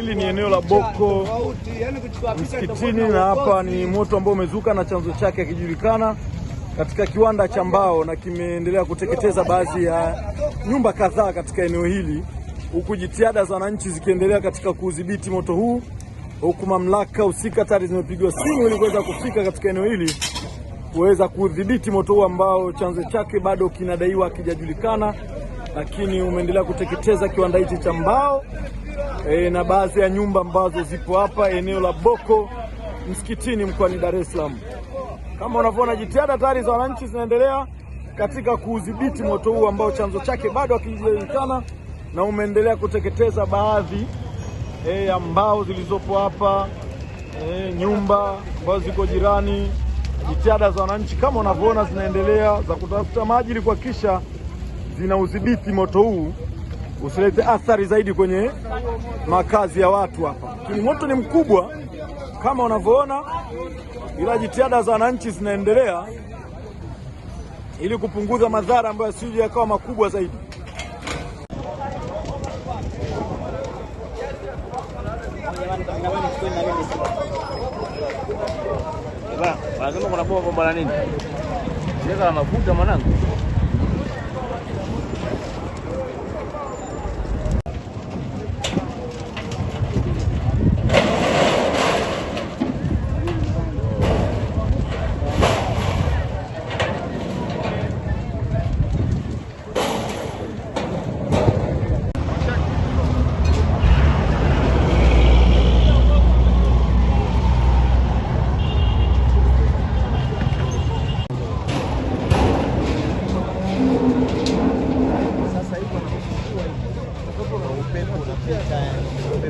Hili ni eneo la Boko msikitini, na hapa ni moto ambao umezuka na chanzo chake akijulikana katika kiwanda cha mbao, na kimeendelea kuteketeza baadhi ya nyumba kadhaa katika eneo hili, huku jitihada za wananchi zikiendelea katika kuudhibiti moto huu, huku mamlaka husika tayari zimepigwa simu ili kuweza kufika katika eneo hili kuweza kudhibiti moto huu ambao chanzo chake bado kinadaiwa kijajulikana lakini umeendelea kuteketeza kiwanda hichi cha mbao e, na baadhi ya nyumba ambazo zipo hapa eneo la Boko msikitini mkoani Dar es Salaam. Kama unavyoona, jitihada tayari za wananchi zinaendelea katika kuudhibiti moto huu ambao chanzo chake bado hakijulikana na umeendelea kuteketeza baadhi eh, ya mbao zilizopo hapa e, nyumba ambazo ziko jirani. Jitihada za wananchi kama unavyoona zinaendelea za kutafuta maji ili kuhakikisha zinaudhibiti moto huu usilete athari zaidi kwenye makazi ya watu hapa. Lakini moto ni mkubwa kama unavyoona, ila jitihada za wananchi zinaendelea ili kupunguza madhara ambayo yasije yakawa makubwa zaidi. Wanasema kuna bomba la nini? Shirika la mafuta mwanangu.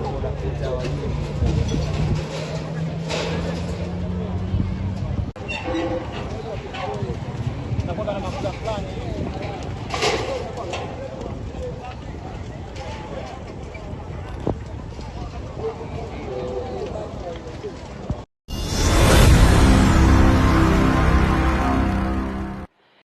でもらってちゃう。